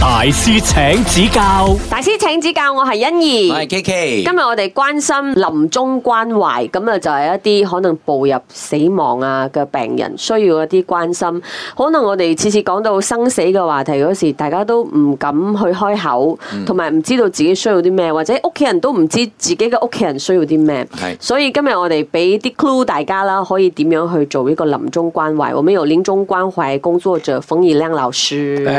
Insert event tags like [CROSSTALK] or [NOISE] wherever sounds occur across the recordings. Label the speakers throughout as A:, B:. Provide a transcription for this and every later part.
A: 大師請指教，大師請指教，我係欣怡，我係 K K。今日我哋關心臨終關懷，咁啊就係一啲可能步入死亡啊嘅病人需要一啲關心。可能我哋次次講到生死嘅話題嗰時，大家都唔敢去開口，同埋唔知道自己需要啲咩，或者屋企人都唔知道自己嘅屋企人需要啲咩。所以今日我哋俾啲 Clue 大家啦，可以點樣去做一個臨終關懷？我們有臨終關懷工作者馮以量老師。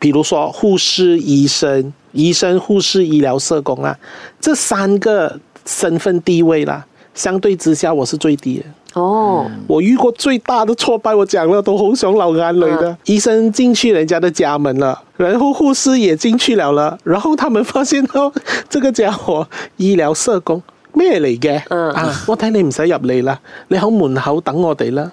B: 比如說護士、醫生、醫生、護士、醫療社工啦，這三個身份地位啦，相對之下我是最低的哦。我遇過最大的挫敗，我講了都好想流眼淚的，嗯、醫生進去人家的家門了，然後護士也進去了了，然後他們發現到，這個家伙醫療社工咩來的嗯，啊，我睇你唔使入來了，你喺門口等我哋啦。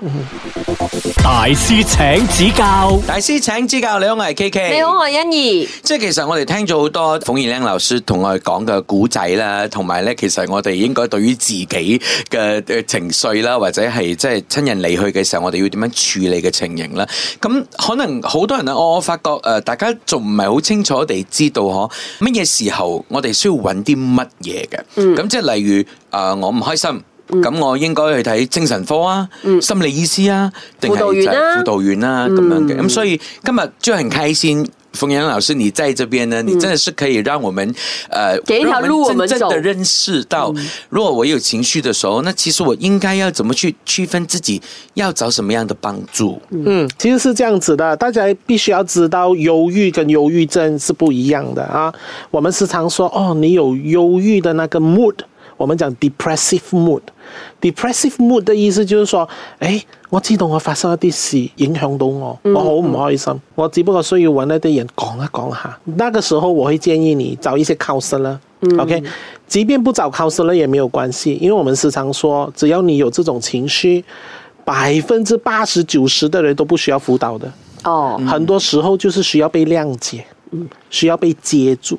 C: [LAUGHS] 大師請指教，大師請指教。你好，我係 K K。你好，我係欣怡。即係其實我哋聽咗好多馮以量老師同我哋講嘅古仔啦，同埋咧，其實我哋應該對於自己嘅情緒啦，或者係即係親人離去嘅時候，我哋要點樣處理嘅情形啦。咁可能好多人啊，我發覺誒、呃，大家仲唔係好清楚地知道嗬，乜嘢時候我哋需要揾啲乜嘢嘅？咁、嗯、即係例如誒、呃，我唔開心。咁、嗯嗯、我應該去睇精神科啊，心理醫師啊，定係輔導員啊，輔導員啦咁樣嘅。咁、嗯、所以今日就很開心。馮以量、嗯、老師你在這邊呢，嗯、你真的是可以讓我們，誒、呃，給一條路讓我們真正的認識到，嗯、如果我有情緒的時候，那其實我應該要怎麼去區分自己要找什麼樣的幫助？
B: 嗯，其實是這樣子的，大家必須要知道憂鬱跟憂鬱症是不一樣的啊。我們時常說，哦，你有憂鬱的那個 mood。我們講 depressive mood，depressive mood 的意思就是說，誒，我知道我發生一啲事影響到我，我好唔開心，嗯嗯、我只不過需要揾一啲人講一、啊、講下、啊。那個時候我會建議你找一些 counselor 啦，OK，即便不找 counselor 啦也沒有關係，因為我們時常說，只要你有這種情緒，百分之八十九十的人都不需要輔導的，哦，嗯、很多時候就是需要被諒解，需要被接住。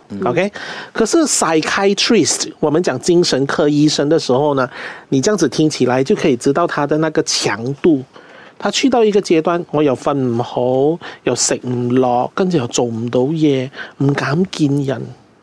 B: O.K.，可是 psychiatrist 我們講精神科醫生的時候呢，你這樣子聽起來就可以知道他的那個強度。他去到一個階段，我有瞓唔好，有食唔落，跟住又做唔到嘢，唔敢見人。